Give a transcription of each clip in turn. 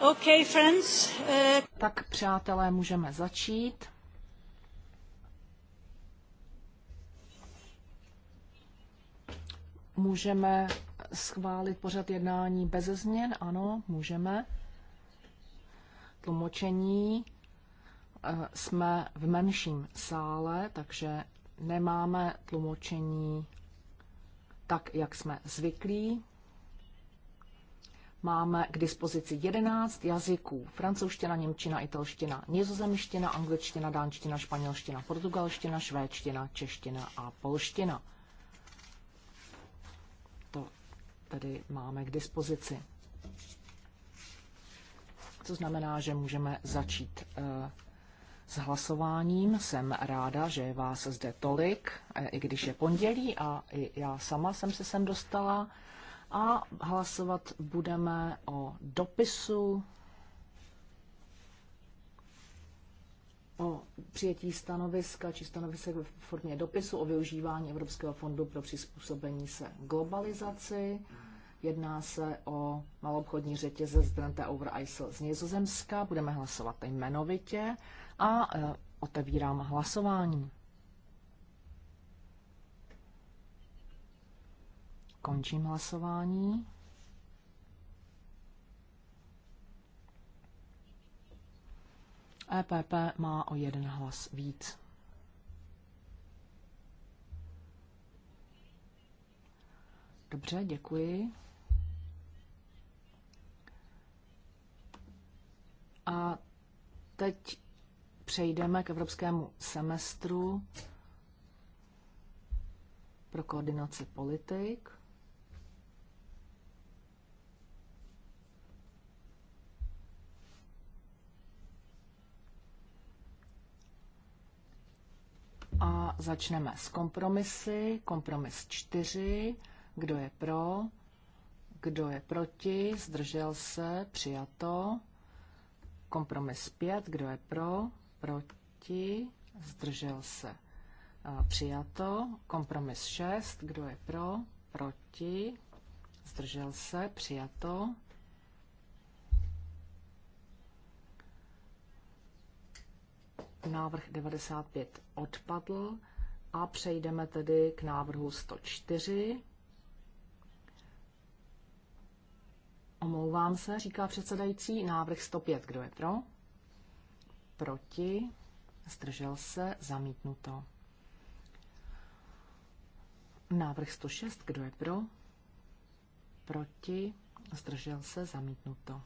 Okay, friends. Uh, tak přátelé, můžeme začít. Můžeme schválit pořad jednání bez změn? Ano, můžeme. Tlumočení eh, jsme v menším sále, takže nemáme tlumočení tak, jak jsme zvyklí. Máme k dispozici 11 jazyků. Francouzština, němčina, italština, nizozemština, angličtina, dánština, španělština, portugalština, švédština, čeština a polština. To tedy máme k dispozici. To znamená, že můžeme začít eh, s hlasováním. Jsem ráda, že je vás zde tolik, e, i když je pondělí a i já sama jsem se sem dostala. A hlasovat budeme o dopisu o přijetí stanoviska či stanovisek v formě dopisu o využívání Evropského fondu pro přizpůsobení se globalizaci. Jedná se o malobchodní řetězec Brenta over Isel z Nizozemska. Budeme hlasovat jmenovitě a e, otevírám hlasování. Končím hlasování. EPP má o jeden hlas víc. Dobře, děkuji. A teď přejdeme k evropskému semestru pro koordinaci politik. A začneme s kompromisy. Kompromis 4. Kdo je pro? Kdo je proti? Zdržel se? Přijato. Kompromis 5. Kdo je pro? proti, zdržel se. Přijato. Kompromis 6. Kdo je pro? Proti. Zdržel se. Přijato. Návrh 95 odpadl a přejdeme tedy k návrhu 104. Omlouvám se, říká předsedající. Návrh 105. Kdo je pro? proti, zdržel se, zamítnuto. Návrh 106, kdo je pro, proti, zdržel se, zamítnuto.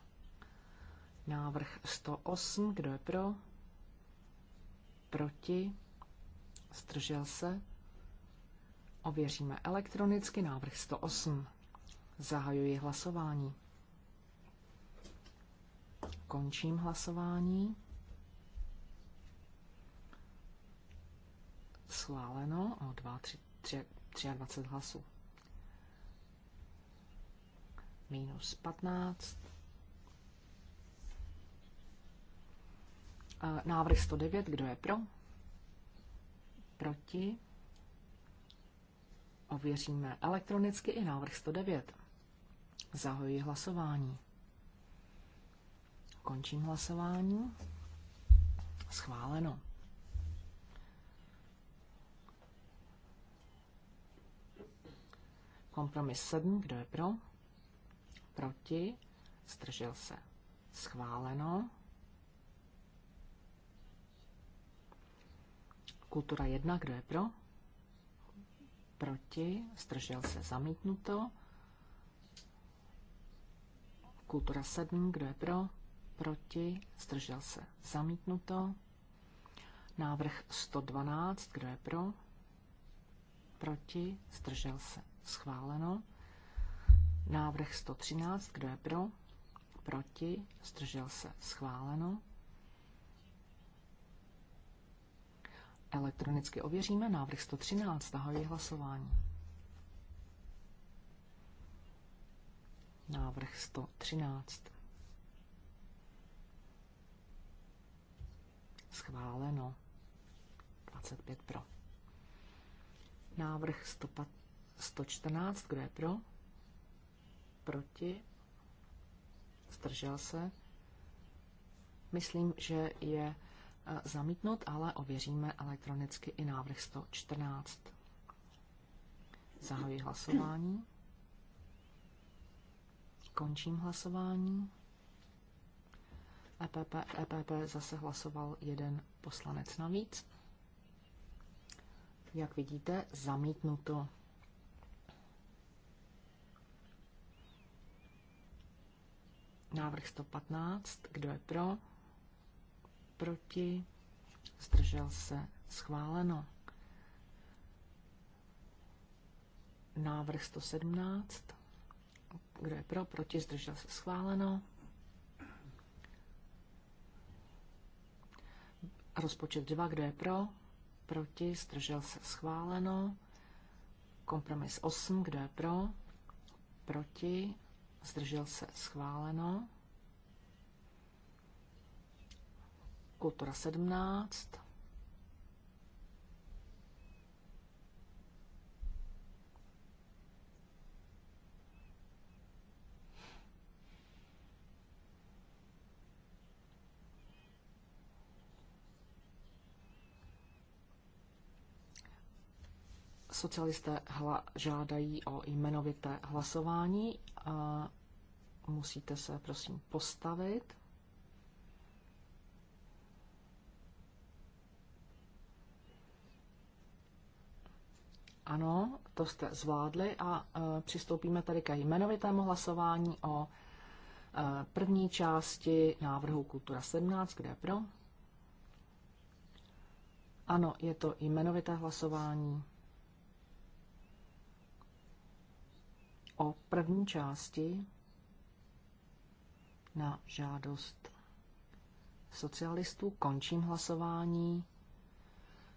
Návrh 108, kdo je pro, proti, zdržel se, ověříme elektronicky návrh 108. Zahajuji hlasování. Končím hlasování. Schváleno o 2, 3, 3, 23 hlasů. Minus 15. Návrh 109, kdo je pro? Proti? Ověříme elektronicky i návrh 109. Zahoji hlasování. Končím hlasování. Schváleno. Kompromis 7, kdo je pro? Proti? Zdržel se. Schváleno. Kultura 1, kdo je pro? Proti? Zdržel se. Zamítnuto. Kultura 7, kdo je pro? Proti? Zdržel se. Zamítnuto. Návrh 112, kdo je pro? Proti? Zdržel se Schváleno. Návrh 113. Kdo je pro? Proti? Zdržel se? Schváleno. Elektronicky ověříme návrh 113. Zahajuji hlasování. Návrh 113. Schváleno. 25 pro. Návrh 115. 114, kdo je pro? Proti? Zdržel se? Myslím, že je e, zamítnut, ale ověříme elektronicky i návrh 114. Zahajuji hlasování. Končím hlasování. EPP, EPP zase hlasoval jeden poslanec navíc. Jak vidíte, zamítnuto. Návrh 115. Kdo je pro? Proti? Zdržel se? Schváleno. Návrh 117. Kdo je pro? Proti? Zdržel se? Schváleno. Rozpočet 2. Kdo je pro? Proti? Zdržel se? Schváleno. Kompromis 8. Kdo je pro? Proti? zdržel se schváleno. Kultura 17, socialisté hla, žádají o jmenovité hlasování a musíte se prosím postavit. Ano, to jste zvládli a uh, přistoupíme tady ke jmenovitému hlasování o uh, první části návrhu Kultura 17, kde je pro. Ano, je to jmenovité hlasování. o první části na žádost socialistů. Končím hlasování.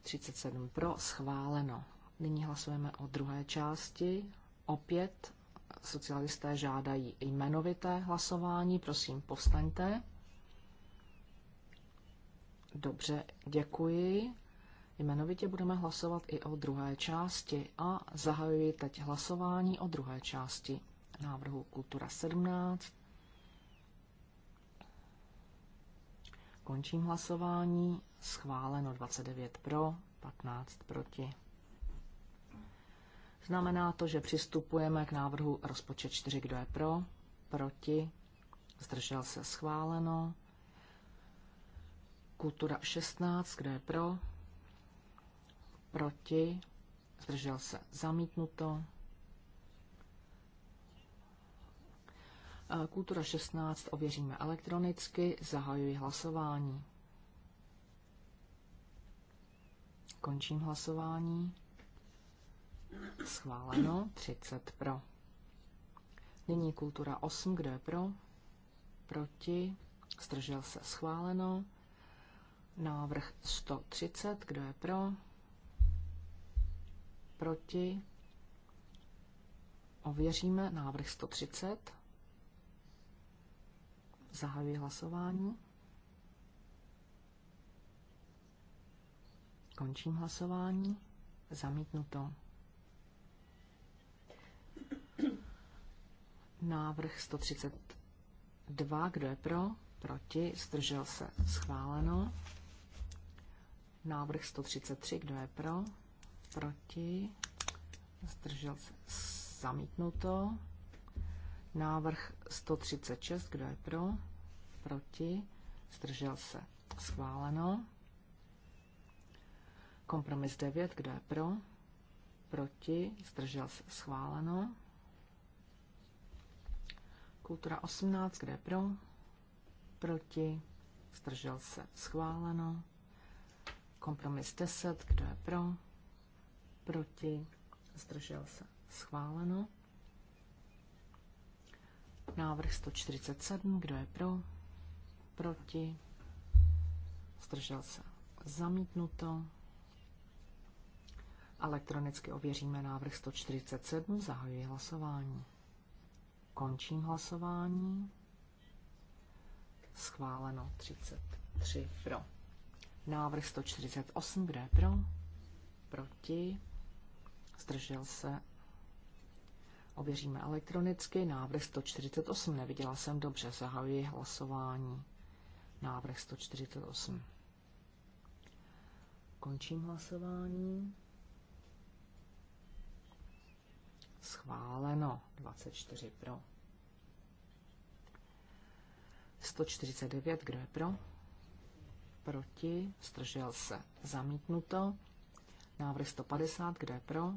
37 pro, schváleno. Nyní hlasujeme o druhé části. Opět socialisté žádají jmenovité hlasování. Prosím, povstaňte. Dobře, děkuji. Jmenovitě budeme hlasovat i o druhé části a zahajuji teď hlasování o druhé části návrhu Kultura 17. Končím hlasování. Schváleno 29 pro, 15 proti. Znamená to, že přistupujeme k návrhu rozpočet 4, kdo je pro, proti, zdržel se schváleno. Kultura 16, kdo je pro, proti, zdržel se zamítnuto. Eh, kultura 16 ověříme elektronicky, zahajuji hlasování. Končím hlasování. Schváleno 30 pro. Nyní kultura 8, kdo je pro? Proti, zdržel se schváleno. Návrh 130, kdo je pro? proti, ověříme návrh 130, zahajuji hlasování, končím hlasování, zamítnuto. Návrh 132, kdo je pro? Proti, zdržel se, schváleno. Návrh 133, kdo je pro? proti, zdržel se zamítnuto. Návrh 136, kdo je pro, proti, zdržel se schváleno. Kompromis 9, kdo je pro, proti, zdržel se schváleno. Kultura 18, kdo je pro, proti, zdržel se schváleno. Kompromis 10, kdo je pro, proti, zdržel se, schváleno. Návrh 147, kdo je pro, proti, zdržel se, zamítnuto. Elektronicky ověříme návrh 147, zahajuji hlasování. Končím hlasování. Schváleno 33 pro. Návrh 148, kdo je pro? Proti zdržel se. Ověříme elektronicky návrh 148. Neviděla jsem dobře, zahajuji hlasování. Návrh 148. Končím hlasování. Schváleno 24 pro. 149, kdo je pro? Proti, zdržel se, zamítnuto. Návrh 150, kdo je pro?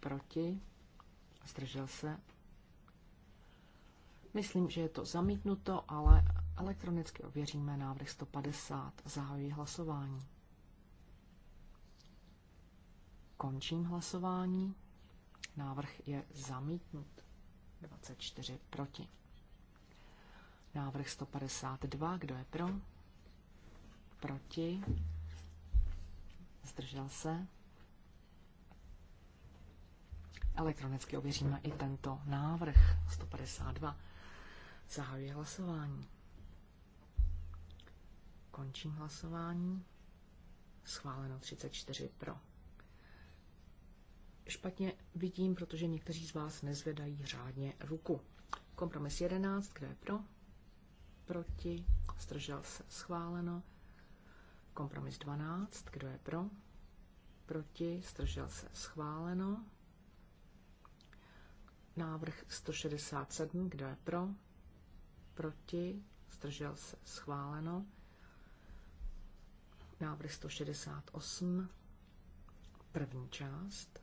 proti, zdržel se. Myslím, že je to zamítnuto, ale elektronicky ověříme návrh 150. Zahajuji hlasování. Končím hlasování. Návrh je zamítnut. 24 proti. Návrh 152. Kdo je pro? Proti. Zdržel se. Elektronicky ověříme i tento návrh 152. Zahajuji hlasování. Končím hlasování. Schváleno 34 pro. Špatně vidím, protože někteří z vás nezvedají řádně ruku. Kompromis 11, kdo je pro? Proti. Zdržel se. Schváleno. Kompromis 12, kdo je pro? Proti. Zdržel se. Schváleno. Návrh 167, kdo je pro? Proti? Zdržel se schváleno. Návrh 168, první část.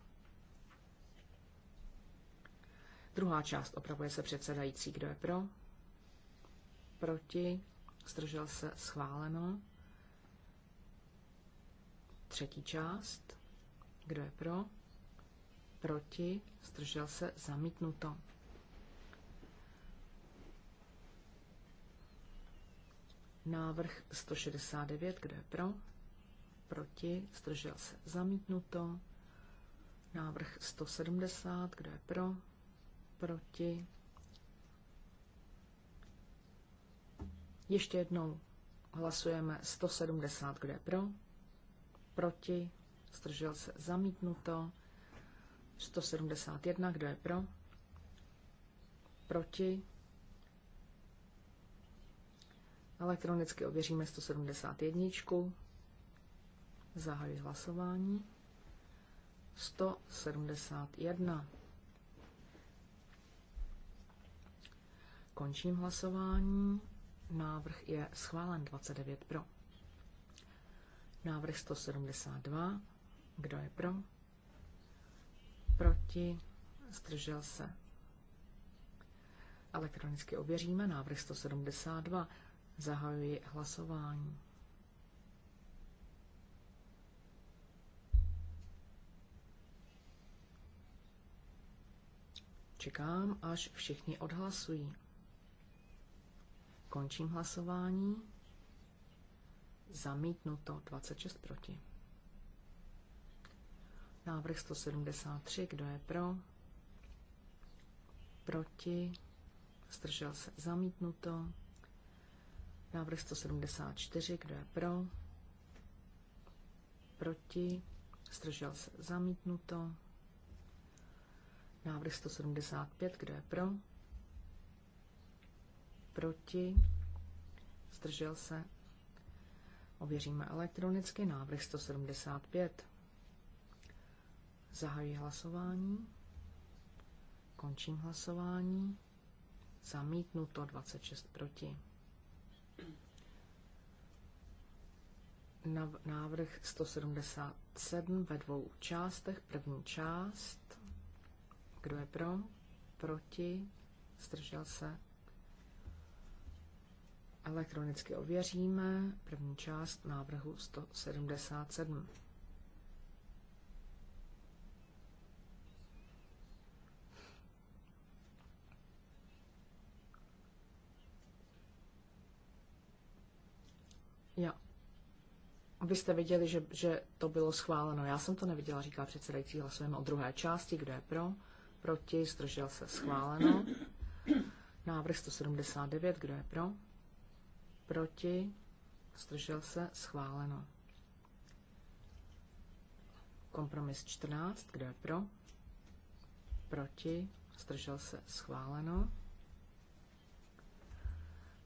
Druhá část opravuje se předsedající, kdo je pro? Proti? Zdržel se schváleno. Třetí část. Kdo je pro? proti, zdržel se, zamítnuto. Návrh 169, kdo je pro, proti, zdržel se, zamítnuto. Návrh 170, kdo je pro, proti. Ještě jednou hlasujeme 170, kdo je pro, proti, zdržel se, zamítnuto. 171, kdo je pro? Proti? Elektronicky ověříme 171. Zahajuji hlasování. 171. Končím hlasování. Návrh je schválen 29 pro. Návrh 172. Kdo je pro? proti, zdržel se. Elektronicky ověříme návrh 172. Zahajuji hlasování. Čekám, až všichni odhlasují. Končím hlasování. Zamítnuto 26 proti. Návrh 173, kdo je pro? Proti? Zdržel se zamítnuto. Návrh 174, kdo je pro? Proti? Zdržel se zamítnuto. Návrh 175, kdo je pro? Proti? Zdržel se. Ověříme elektronicky návrh 175. Zahajuji hlasování. Končím hlasování. Zamítnuto 26 proti. Návrh 177 ve dvou částech. První část. Kdo je pro? Proti? Zdržel se? Elektronicky ověříme první část návrhu 177. Já. Abyste viděli, že, že to bylo schváleno. Já jsem to neviděla, říká předsedající. Hlasujeme o druhé části. Kdo je pro? Proti? Zdržel se? Schváleno. Návrh 179. Kdo je pro? Proti? Zdržel se? Schváleno. Kompromis 14. Kdo je pro? Proti? Zdržel se? Schváleno.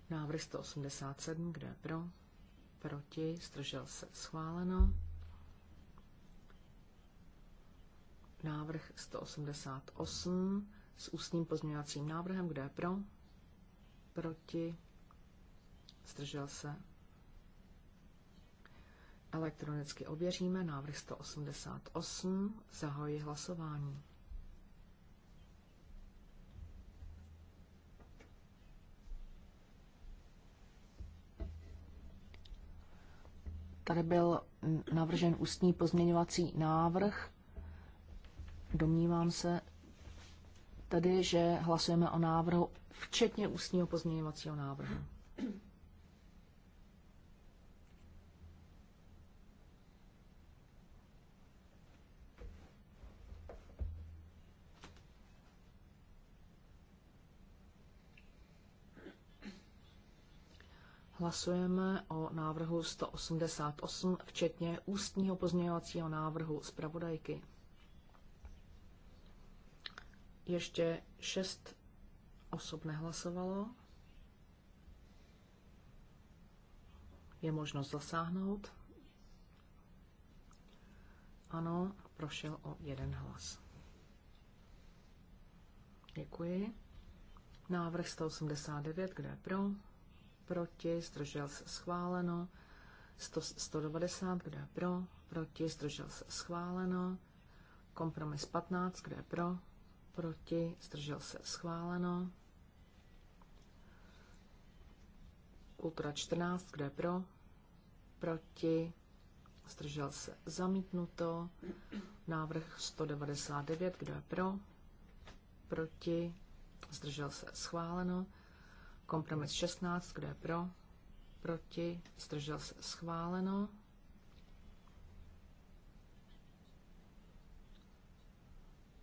Návrh 187. Kdo je pro? proti, zdržel se schváleno. Návrh 188 s ústním pozměňovacím návrhem, kde je pro, proti, zdržel se. Elektronicky ověříme návrh 188, zahoji hlasování. Tady byl navržen ústní pozměňovací návrh. Domnívám se tedy, že hlasujeme o návrhu včetně ústního pozměňovacího návrhu. Hlasujeme o návrhu 188, včetně ústního pozměňovacího návrhu zpravodajky. Ještě šest osob nehlasovalo. Je možnost zasáhnout. Ano, prošel o jeden hlas. Děkuji. Návrh 189, kde je pro? proti, zdržel se schváleno. 100, 190, kdo je pro, proti, zdržel se schváleno. Kompromis 15, kdo je pro, proti, zdržel se schváleno. Kultura 14, kdo je pro, proti, zdržel se zamítnuto. Návrh 199, kdo je pro, proti, zdržel se schváleno. Kompromis 16, kdo je pro? Proti? Zdržel se schváleno.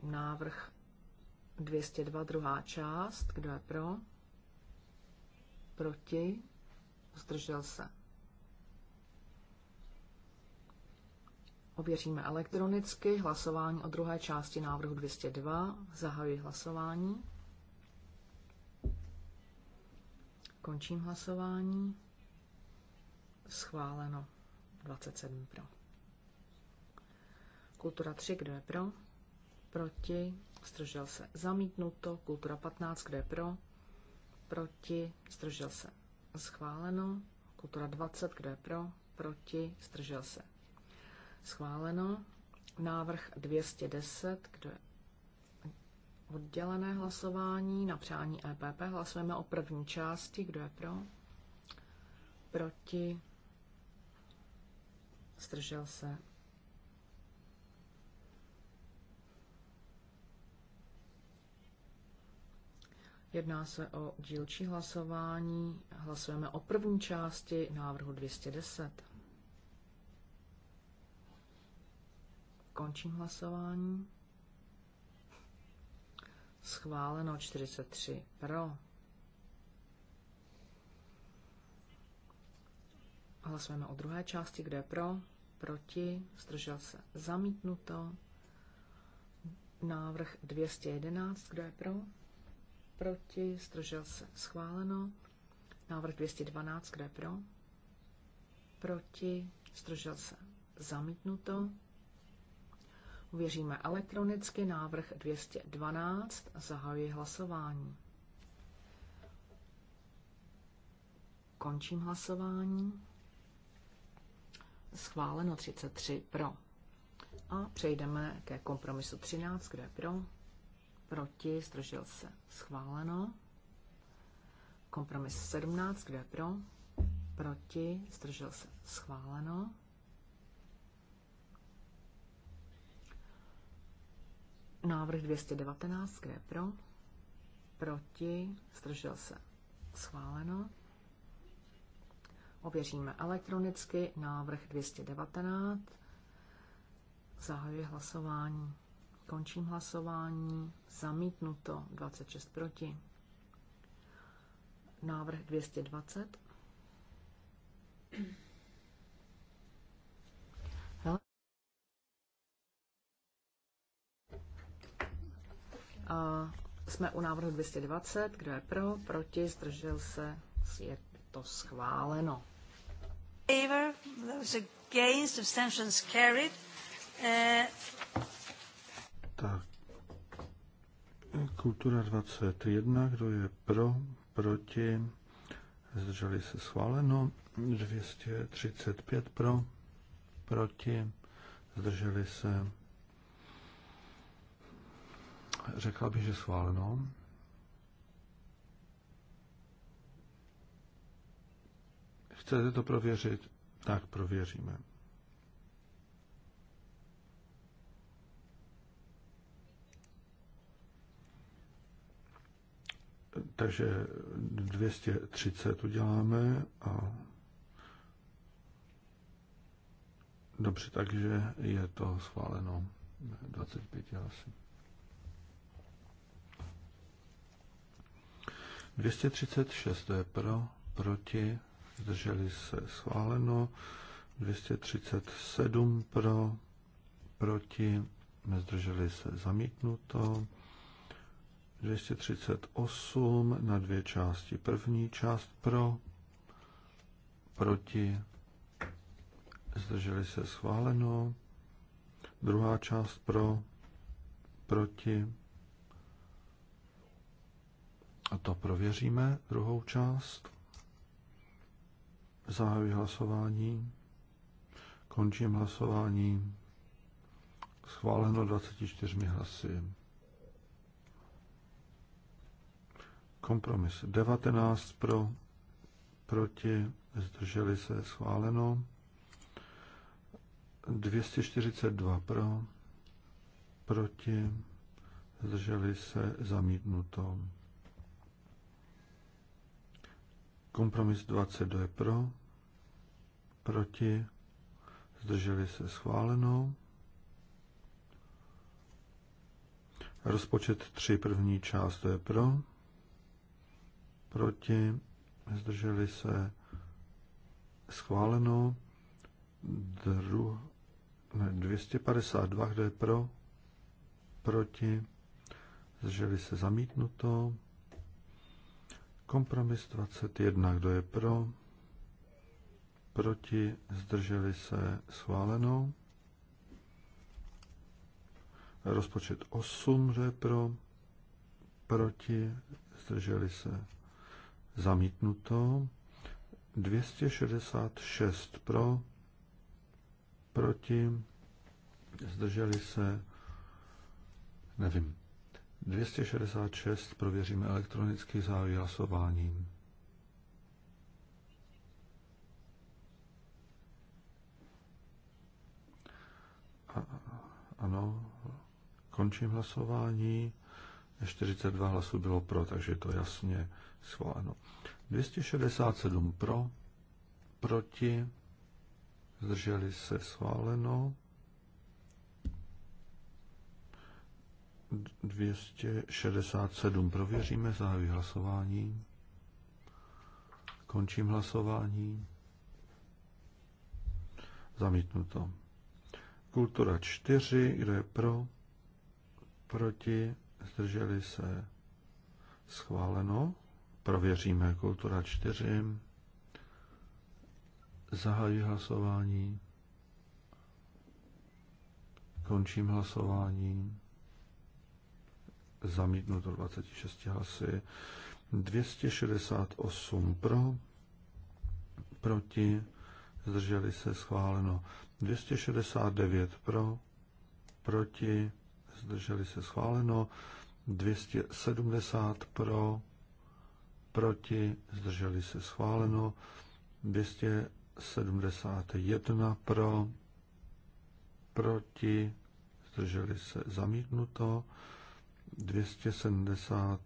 Návrh 202, druhá část, kdo je pro? Proti? Zdržel se. Ověříme elektronicky hlasování o druhé části návrhu 202. Zahajuji hlasování. Končím hlasování. Schváleno. 27 pro. Kultura 3, kdo je pro? Proti. Zdržel se. Zamítnuto. Kultura 15, kdo je pro? Proti. Zdržel se. Schváleno. Kultura 20, kdo je pro? Proti. Zdržel se. Schváleno. Návrh 210, kdo je oddělené hlasování na přání EPP. Hlasujeme o první části. Kdo je pro? Proti? Zdržel se? Jedná se o dílčí hlasování. Hlasujeme o první části návrhu 210. Končím hlasování. Schváleno 43 pro. Hlasujeme o druhé části, kde je pro, proti, zdržel se zamítnuto. Návrh 211, kde je pro, proti, zdržel se schváleno. Návrh 212, kde je pro, proti, zdržel se zamítnuto. Uvěříme elektronicky návrh 212. Zahajuji hlasování. Končím hlasování. Schváleno 33 pro. A přejdeme ke kompromisu 13, kde je pro, proti, zdržel se, schváleno. Kompromis 17, kde je pro, proti, zdržel se, schváleno. Návrh 219, kde je pro? Proti, zdržel se. Schváleno. Ověříme elektronicky návrh 219. Zahajuji hlasování. Končím hlasování. Zamítnuto 26 proti. Návrh 220. jsme u návrhu 220. Kdo je pro? Proti? Zdržel se? Je to schváleno. Favor, those against, abstentions carried. Uh, tak. Kultura 21. Kdo je pro? Proti? Zdrželi se schváleno. 235 pro? Proti? Zdrželi se Řekla bych, že schváleno. Chcete to prověřit? Tak prověříme. Takže 230 uděláme a dobře, takže je to schváleno 25 hlasy. 236, to je pro, proti, zdrželi se schváleno. 237 pro, proti, zdrželi se zamítnuto. 238 na dvě části. První část pro, proti, zdrželi se schváleno. Druhá část pro, proti, a to prověříme, druhou část. Zahajuji hlasování. Končím hlasování. Schváleno 24 hlasy. Kompromis 19 pro, proti, zdrželi se, schváleno. 242 pro, proti, zdrželi se, zamítnuto. Kompromis 20 je pro, proti, zdrželi se schváleno. Rozpočet 3 první část je pro, proti, zdrželi se schváleno. Dru, ne, 252, je pro, proti, zdrželi se zamítnuto. Kompromis 21. Kdo je pro? Proti? Zdrželi se? Schváleno. Rozpočet 8. Kdo je pro? Proti? Zdrželi se? Zamítnuto. 266 pro, proti, zdrželi se, nevím. 266 prověříme elektronicky závěr hlasováním. Ano, končím hlasování. 42 hlasů bylo pro, takže to jasně schváleno. 267 pro, proti, zdrželi se schváleno. 267. Prověříme zahájí hlasování. Končím hlasování. Zamítnuto. Kultura 4. Kdo je pro? Proti? Zdrželi se? Schváleno. Prověříme kultura 4. Zahájí hlasování. Končím hlasování zamítnuto 26 hlasy. 268 pro, proti, zdrželi se schváleno. 269 pro, proti, zdrželi se schváleno. 270 pro, proti, zdrželi se schváleno. 271 pro, proti, zdrželi se zamítnuto. 270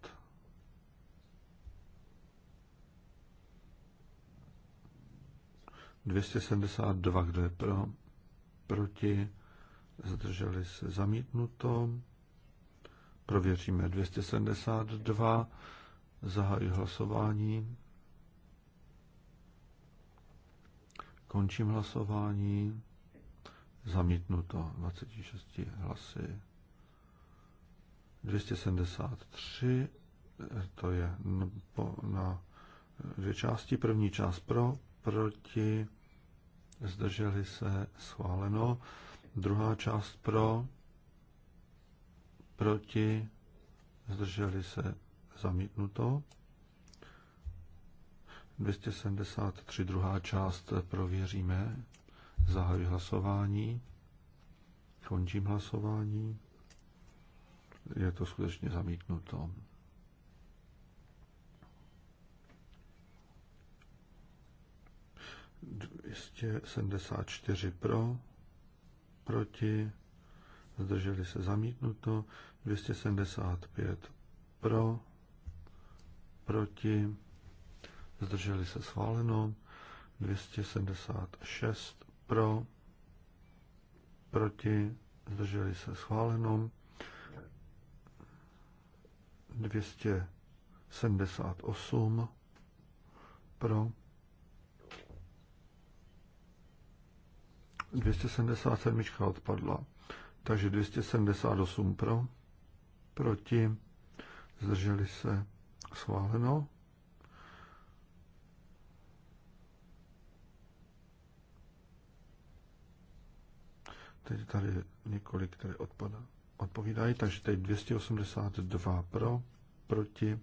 272, kdo je pro, proti, zdrželi se zamítnuto. Prověříme 272, zahají hlasování. Končím hlasování. Zamítnuto 26 hlasy. 273, to je na dvě části. První část pro, proti, zdrželi se, schváleno. Druhá část pro, proti, zdrželi se, zamítnuto. 273, druhá část, prověříme. Zahajuji hlasování. Končím hlasování je to skutečně zamítnuto. Jistě 74 pro, proti, zdrželi se zamítnuto, 275 pro, proti, zdrželi se schváleno, 276 pro, proti, zdrželi se schváleno, 278 pro 277 odpadla. Takže 278 pro, proti, zdrželi se, schváleno. Teď tady několik, které odpadá odpovídají, takže teď 282 pro, proti,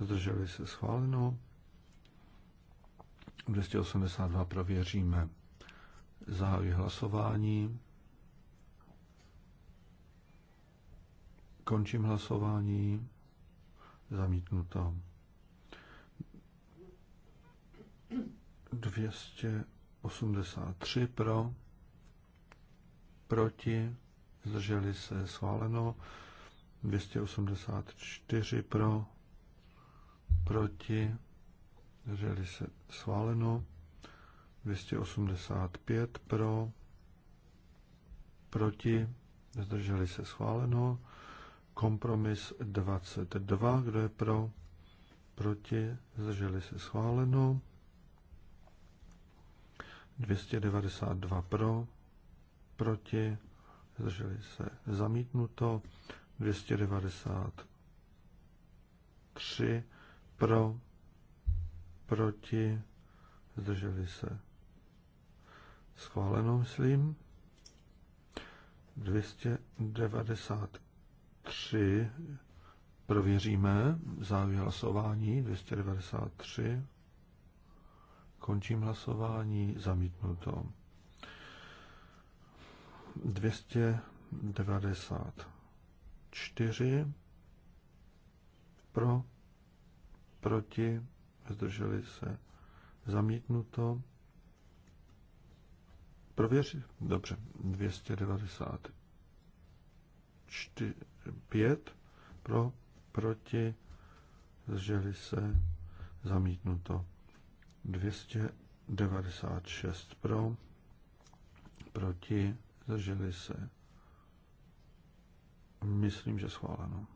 zdrželi se schváleno. 282 pro, věříme Zahajuji hlasování. Končím hlasování. Zamítnuto. 283 pro, proti, zdrželi se schváleno, 284 pro, proti, zdrželi se schváleno, 285 pro, proti, zdrželi se schváleno, kompromis 22, kdo je pro, proti, zdrželi se schváleno, 292 pro, proti, zdrželi se zamítnuto, 293 pro, proti, zdrželi se schváleno, myslím, 293 prověříme závěr hlasování 293. Končím hlasování, zamítnuto. 294 pro, proti, zdrželi se zamítnuto. Prověřit? Dobře, 295 pro, proti, zdrželi se zamítnuto. 296 pro, proti, zdrželi se. Myslím, že schváleno.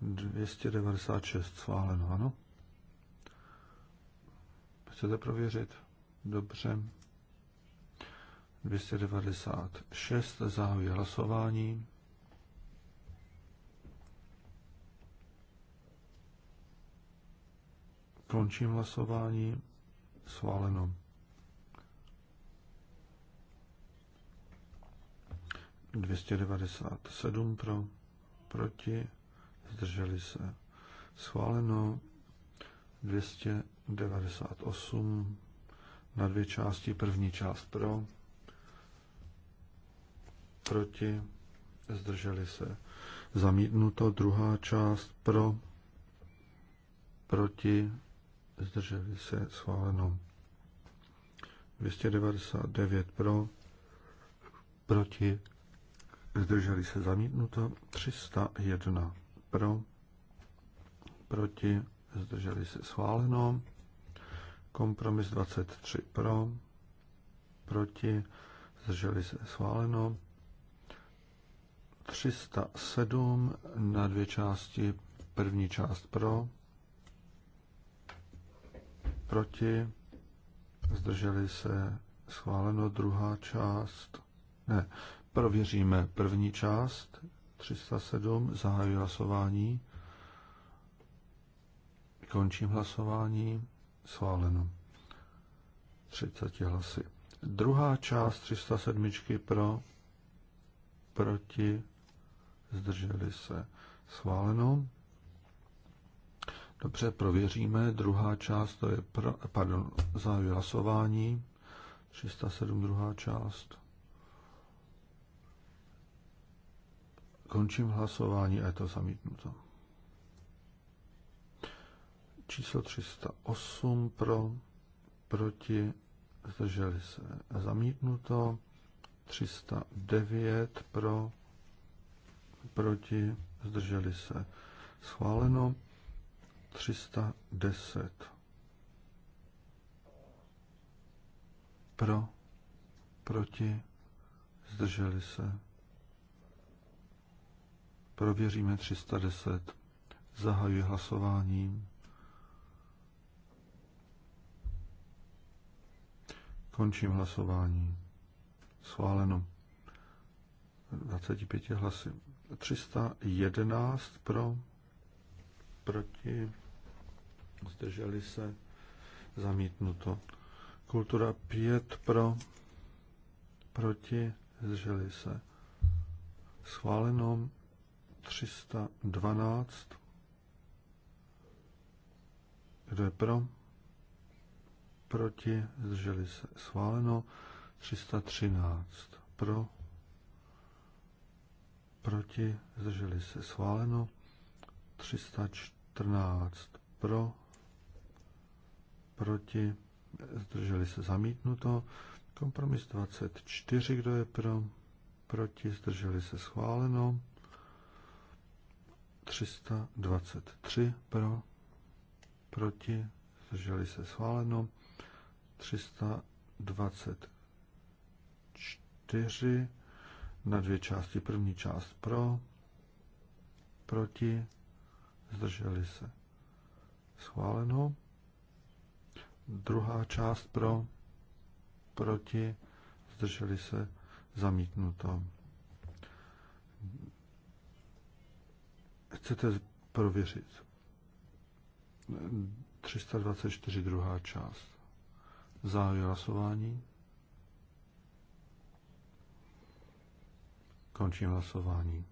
296 schváleno, ano. Chcete prověřit? Dobře. 296 zahájí hlasování. Končím hlasování. Sváleno. 297 pro, proti, zdrželi se. Schváleno 298 na dvě části. První část pro, proti, zdrželi se. Zamítnuto druhá část pro, proti, zdrželi se. Schváleno 299 pro, proti, zdrželi se zamítnuto, 301 pro, proti, zdrželi se schváleno, kompromis 23 pro, proti, zdrželi se schváleno, 307 na dvě části, první část pro, proti, zdrželi se schváleno, druhá část, ne, Prověříme první část 307, zahajuji hlasování, končím hlasování, schváleno 30 hlasy. Druhá část 307 pro, proti, zdrželi se, schváleno. Dobře, prověříme. Druhá část, to je, pro, pardon, zahajuji hlasování. 307 druhá část. Končím hlasování a je to zamítnuto. Číslo 308 pro, proti, zdrželi se zamítnuto. 309 pro, proti, zdrželi se schváleno. 310 pro, proti, zdrželi se Prověříme 310. Zahajuji hlasování. Končím hlasování. Schváleno. 25 hlasy. 311 pro, proti, zdrželi se, zamítnuto. Kultura 5 pro, proti, zdrželi se. Schváleno 312. Kdo je pro? Proti? Zdrželi se. Schváleno. 313. Pro? Proti? Zdrželi se. Schváleno. 314. Pro? Proti? Zdrželi se. Zamítnuto. Kompromis 24. Kdo je pro? Proti? Zdrželi se. Schváleno. 323 pro, proti, zdrželi se schváleno, 324 na dvě části, první část pro, proti, zdrželi se schváleno, druhá část pro, proti, zdrželi se zamítnuto. Chcete prověřit? 324 druhá část. Zahajuji hlasování. Končím hlasování.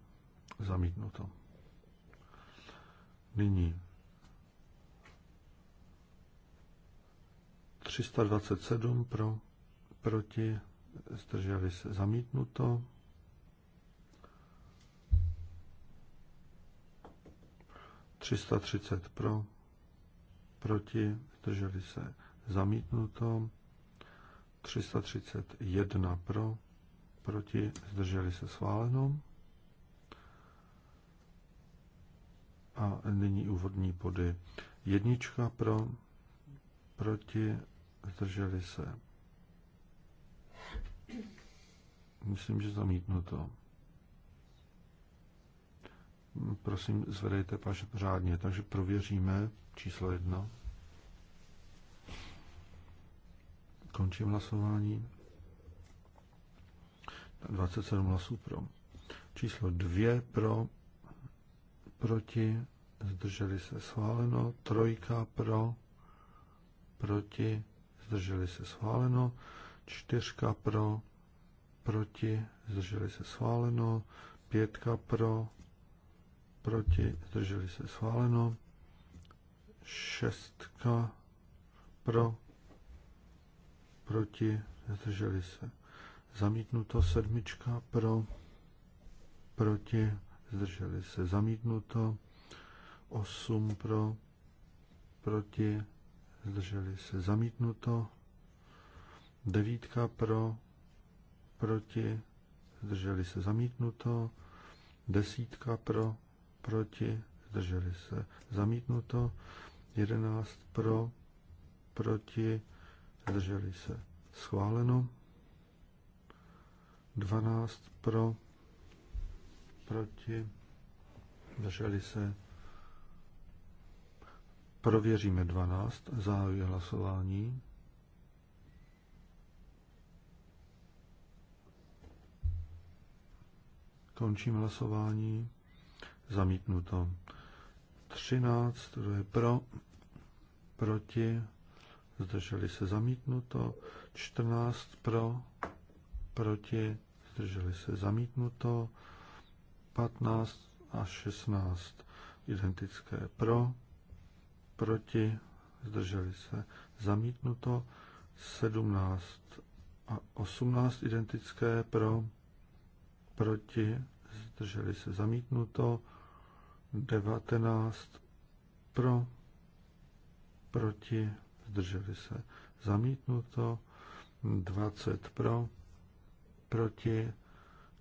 Zamítnuto. Nyní 327 pro, proti, zdrželi se zamítnuto. 330 pro, proti, zdrželi se zamítnuto, 331 pro, proti, zdrželi se schváleno. A nyní úvodní body. Jednička pro, proti, zdrželi se. Myslím, že zamítnuto. to. Prosím, zvedejte paše, pořádně, takže prověříme číslo jedna. Končím hlasování. 27 hlasů pro. Číslo 2 pro, proti, zdrželi se schváleno. Trojka pro, proti, zdrželi se schváleno. Čtyřka pro, proti, zdrželi se schváleno. Pětka pro, proti, zdrželi se schváleno. Šestka pro, proti, zdrželi se zamítnuto. Sedmička pro, proti, zdrželi se zamítnuto. Osm pro, proti, zdrželi se zamítnuto. Devítka pro, proti, zdrželi se zamítnuto. Desítka pro, proti, zdrželi se. Zamítnuto 11 pro, proti, zdrželi se. Schváleno 12 pro, proti, zdrželi se. Prověříme 12, zahajuje hlasování. Končím hlasování zamítnuto. 13, kdo je pro, proti, zdrželi se zamítnuto. 14 pro, proti, zdrželi se zamítnuto. 15 a 16 identické pro, proti, zdrželi se zamítnuto. 17 a 18 identické pro, proti, zdrželi se zamítnuto. 19 pro, proti, zdrželi se. Zamítnuto 20 pro, proti,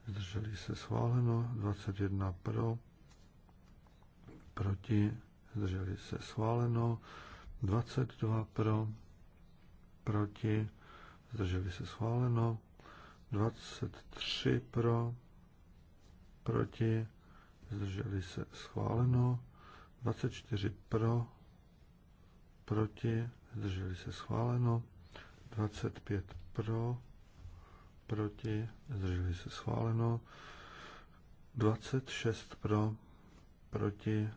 zdrželi se. Schváleno 21 pro, proti, zdrželi se. Schváleno 22 pro, proti, zdrželi se. Schváleno 23 pro, proti, zdrželi se schváleno, 24 pro, proti, zdrželi se schváleno, 25 pro, proti, zdrželi se schváleno, 26 pro, proti,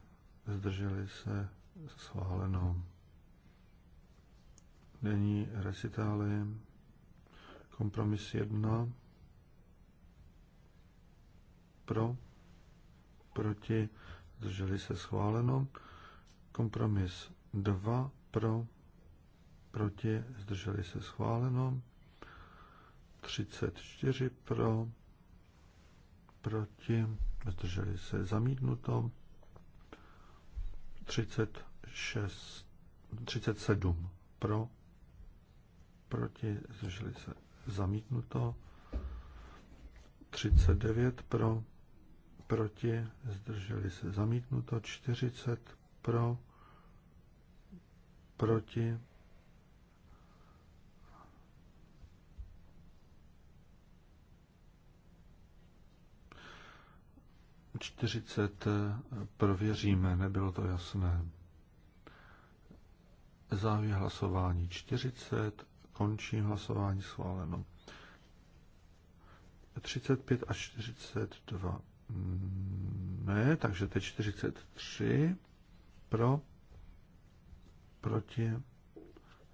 zdrželi se schváleno. Není recitály, kompromis 1 pro, proti, zdrželi se schváleno. Kompromis 2 pro, proti, zdrželi se schváleno. 34 pro, proti, zdrželi se zamítnuto. 36, 37 pro, proti, zdrželi se zamítnuto. 39 pro, proti, zdrželi se zamítnuto, 40 pro, proti, Čtyřicet eh, prověříme, nebylo to jasné. Závěr hlasování 40, končím hlasování schváleno. 35 a 42 ne, takže je 43 pro, proti,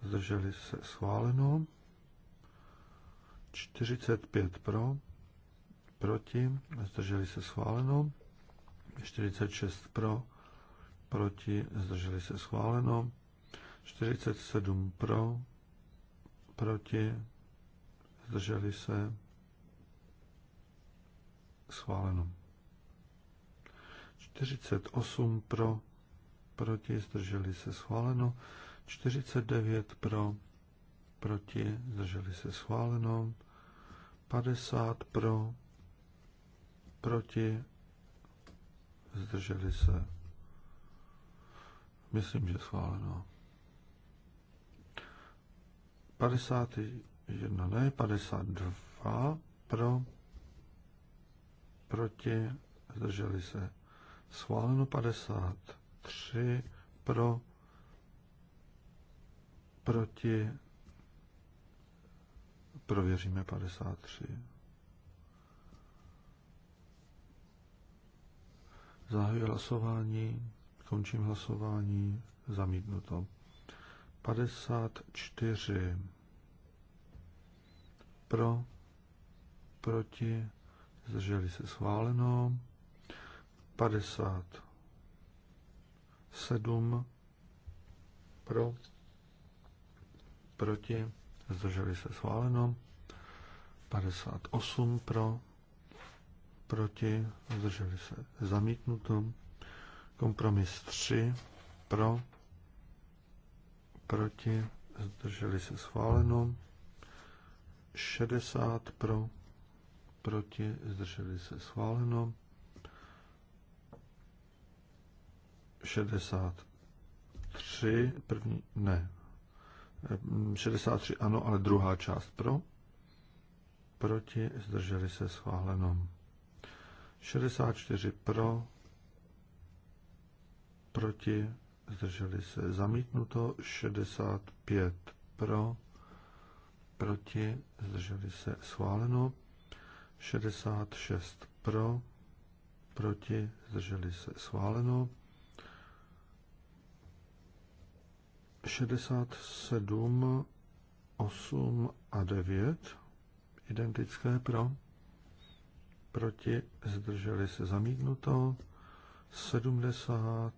zdrželi se schváleno, 45 pro, proti, zdrželi se schváleno, 46 pro, proti, zdrželi se schváleno, 47 pro, proti, zdrželi se schváleno. 48 pro, proti, zdrželi se schváleno, 49 pro, proti, zdrželi se schváleno, 50 pro, proti, zdrželi se. Myslím, že schváleno. 51 ne, 52 pro, proti, zdrželi se Schváleno 53 pro, proti, prověříme 53. Zahajuji hlasování, končím hlasování, zamítnuto. 54 pro, proti, zdrželi se schváleno. 50. 7 pro, proti, zdrželi se schváleno, 58 pro, proti, zdrželi se zamítnuto, kompromis 3 pro, proti, zdrželi se schváleno, 60 pro, proti, zdrželi se schváleno, 63, první, ne, 63 ehm, ano, ale druhá část pro, proti, zdrželi se schváleno. 64 pro, proti, zdrželi se zamítnuto, 65 pro, proti, zdrželi se schváleno, 66 pro, proti, zdrželi se schváleno, 67, 8 a 9, identické pro, proti, zdrželi se zamítnuto, 70,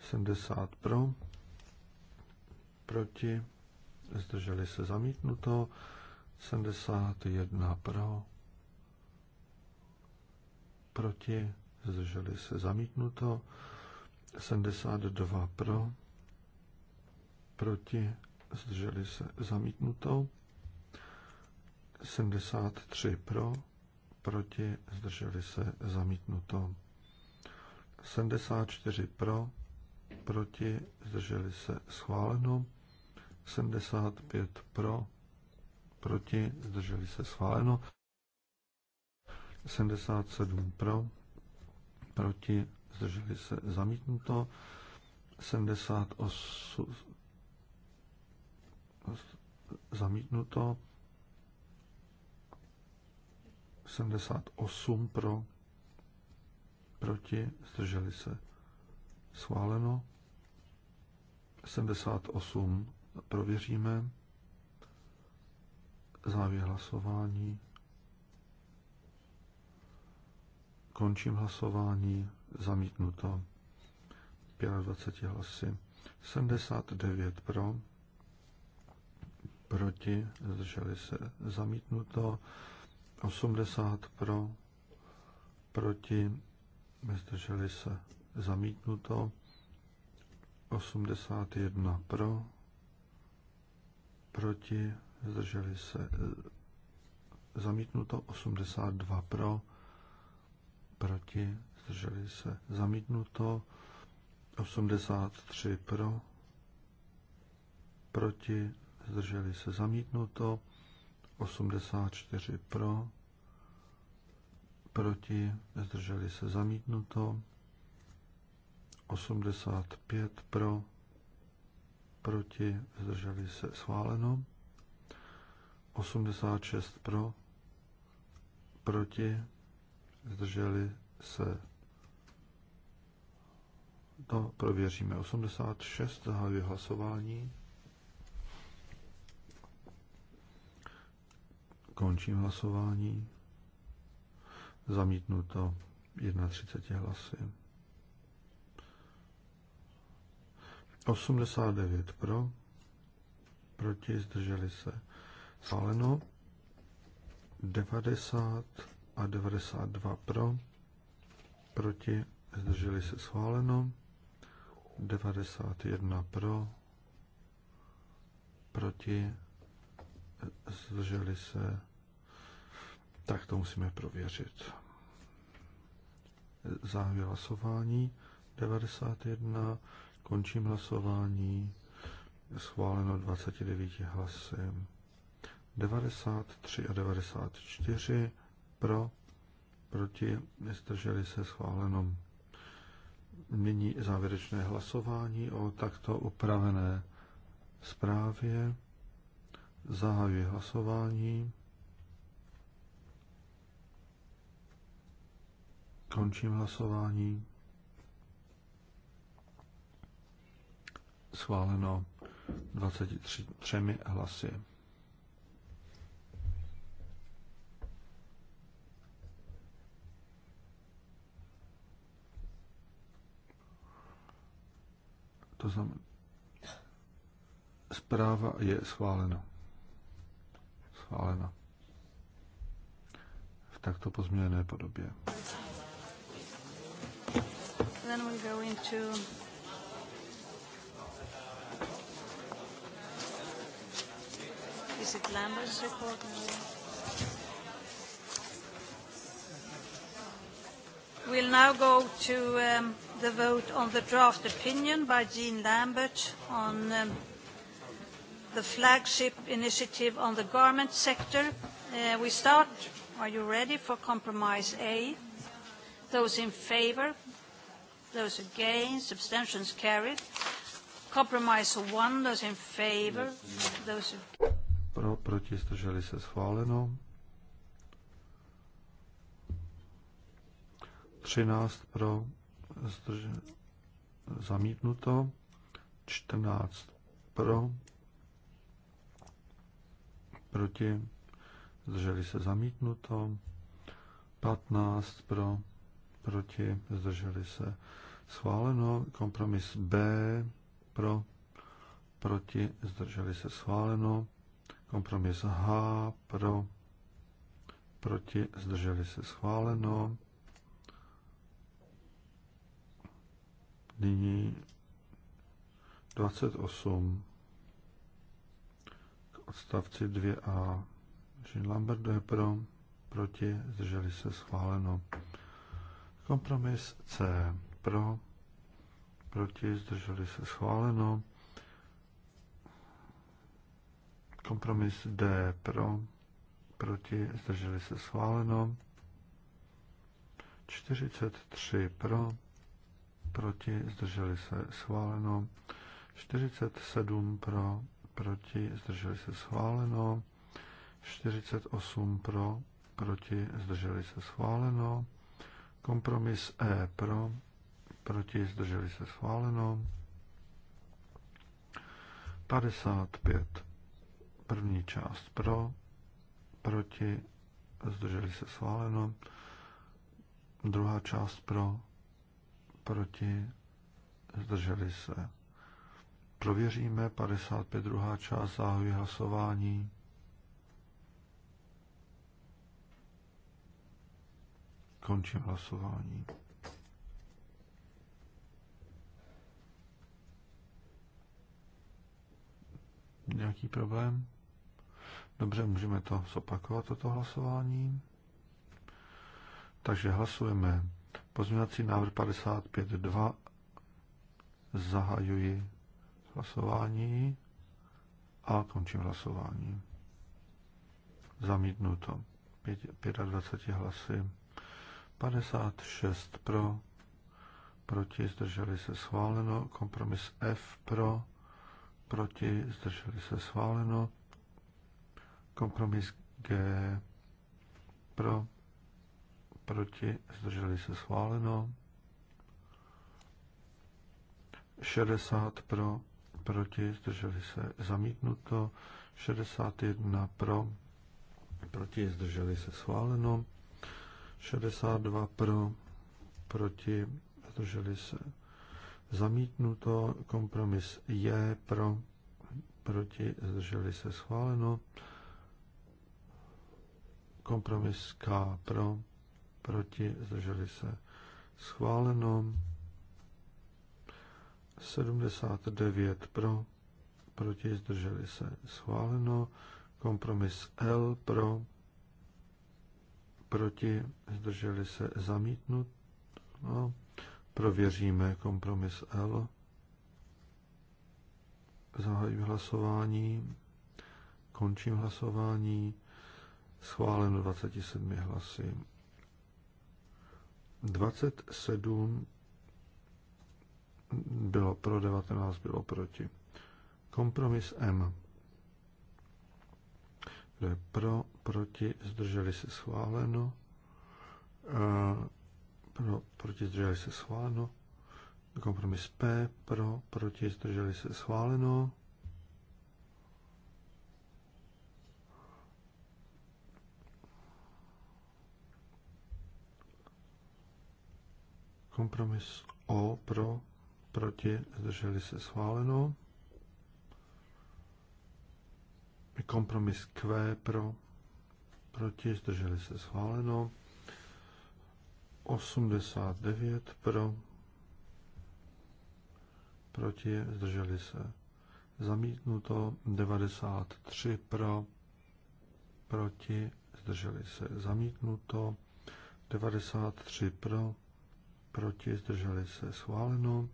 70 pro, proti, zdrželi se zamítnuto, 71 pro, proti, zdrželi se zamítnuto, 72 pro, proti, zdrželi se zamítnuto, 73 pro, proti, zdrželi se zamítnuto, 74 pro, proti, zdrželi se schváleno, 75 pro, proti, zdrželi se schváleno, 77 pro, proti, zdrželi se zamítnuto, 78 zamítnuto, 78 pro, proti, zdrželi se schváleno, 78 prověříme, závěr hlasování, Končím hlasování. Zamítnuto. 25 hlasy. 79 pro. Proti. Zdrželi se. Zamítnuto. 80 pro. Proti. Zdrželi se. Zamítnuto. 81 pro. Proti. Zdrželi se. Zamítnuto. 82 pro proti, zdrželi se zamítnuto, 83 pro, proti, zdrželi se zamítnuto, 84 pro, proti, zdrželi se zamítnuto, 85 pro, proti, zdrželi se schváleno, 86 pro, proti, zdrželi se. To prověříme. 86, zahajuje hlasování. Končím hlasování. Zamítnuto 31 hlasy. 89 pro, proti zdrželi se. Schváleno 90 a 92 pro, proti, zdrželi se schváleno, 91 pro, proti, zdrželi se, tak to musíme prověřit. Zahajuji hlasování, 91, končím hlasování, schváleno 29 hlasy, 93 a 94 pro, proti, zdrželi se schváleno. Nyní závěrečné hlasování o takto upravené zprávě. Zahajuji hlasování. Končím hlasování. Schváleno 23 hlasy. To znamená, zpráva je schválena. Schválena. V takto pozměněné podobě. Then we go into Is it Lambert's report? We'll now go to um, the vote on the draft opinion by Jean Lambert on um, the flagship initiative on the garment sector. Uh, we start. Are you ready for compromise A? Those in favor? Those against? Abstentions carried. Compromise 1. Those in favor? Those Pro, proti, zdrželi se schváleno. 13 pro, zdržen, zamítnuto, 14 pro, proti, zdrželi se zamítnuto, 15 pro, proti, zdrželi se schváleno, kompromis B pro, proti, zdrželi se schváleno, kompromis H pro, proti, zdrželi se schváleno, Nyní 28 k odstavci 2a. Jean Lambert je pro, proti, zdrželi se schváleno. Kompromis C pro, proti, zdrželi se schváleno. Kompromis D pro, proti, zdrželi se schváleno. 43 pro, proti, zdrželi se schváleno. 47 pro, proti, zdrželi se schváleno. 48 pro, proti, zdrželi se schváleno. Kompromis E pro, proti, zdrželi se schváleno. 55 první část pro, proti, zdrželi se schváleno. Druhá část pro, proti, zdrželi se. Prověříme 55. druhá část záhuji hlasování. Končím hlasování. Nějaký problém? Dobře, můžeme to zopakovat, toto hlasování. Takže hlasujeme Pozměňovací návrh 55.2. Zahajuji hlasování a končím hlasování. Zamítnuto. 25 hlasy. 56 pro, proti, zdrželi se schváleno. Kompromis F pro, proti, zdrželi se schváleno. Kompromis G pro, proti, zdrželi se schváleno. 60 pro, proti, zdrželi se zamítnuto. 61 pro, proti, zdrželi se schváleno. 62 pro, proti, zdrželi se zamítnuto. Kompromis je pro, proti, zdrželi se schváleno. Kompromis K pro, proti, zdrželi se schváleno, 79 pro, proti, zdrželi se schváleno, kompromis L pro, proti, zdrželi se zamítnut, no, prověříme kompromis L, Zahajím hlasování, končím hlasování, schváleno 27 hlasy. 27 bylo pro, 19 bylo proti. Kompromis M. Kdo je pro, proti, zdrželi se schváleno. Eh, pro, proti, zdrželi se schváleno. Kompromis P. Pro, proti, zdrželi se schváleno. Kompromis O pro, proti, zdrželi se schváleno. Kompromis Q pro, proti, zdrželi se schváleno. 89 pro, proti, zdrželi se zamítnuto. 93 pro, proti, zdrželi se zamítnuto. 93 pro, proti, zdrželi se schváleno,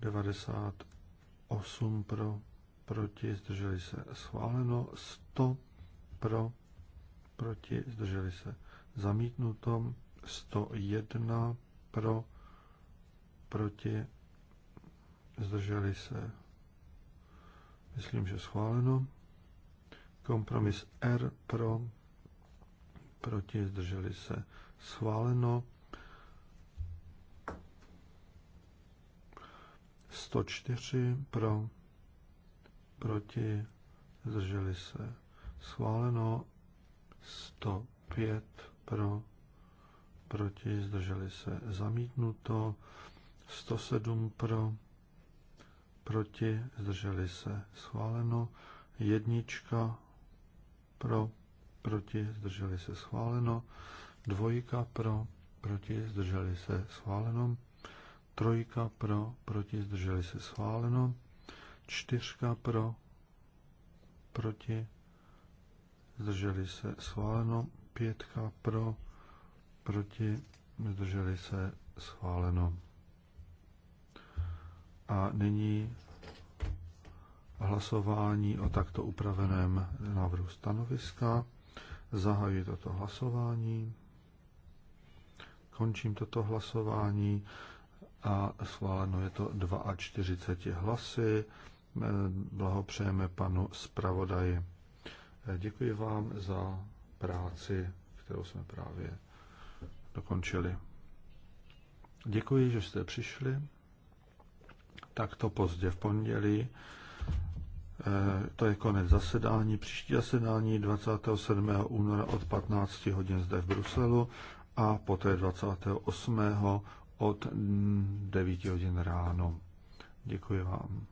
98 pro, proti, zdrželi se schváleno, 100 pro, proti, zdrželi se zamítnuto, 101 pro, proti, zdrželi se, myslím, že schváleno, kompromis R pro, proti, zdrželi se schváleno, 104 pro, proti, zdrželi se. Schváleno 105 pro, proti, zdrželi se. Zamítnuto 107 pro, proti, zdrželi se. Schváleno jednička pro, proti, zdrželi se. Schváleno dvojka pro, proti, zdrželi se. Schváleno Trojka pro, proti, zdrželi se schváleno. Čtyřka pro, proti, zdrželi se schváleno. Pětka pro, proti, zdrželi se schváleno. A nyní hlasování o takto upraveném návrhu stanoviska. Zahajuji toto hlasování. Končím toto hlasování a schváleno je to 42 hlasy. Eh, Blahopřejeme panu zpravodaji. Eh, děkuji vám za práci, kterou jsme právě dokončili. Děkuji, že jste přišli takto pozdě v pondělí. Eh, to je konec zasedání. Příští zasedání 27. února od 15 hodin zde v Bruselu a poté 28 od 9 hodin ráno. Děkuji vám.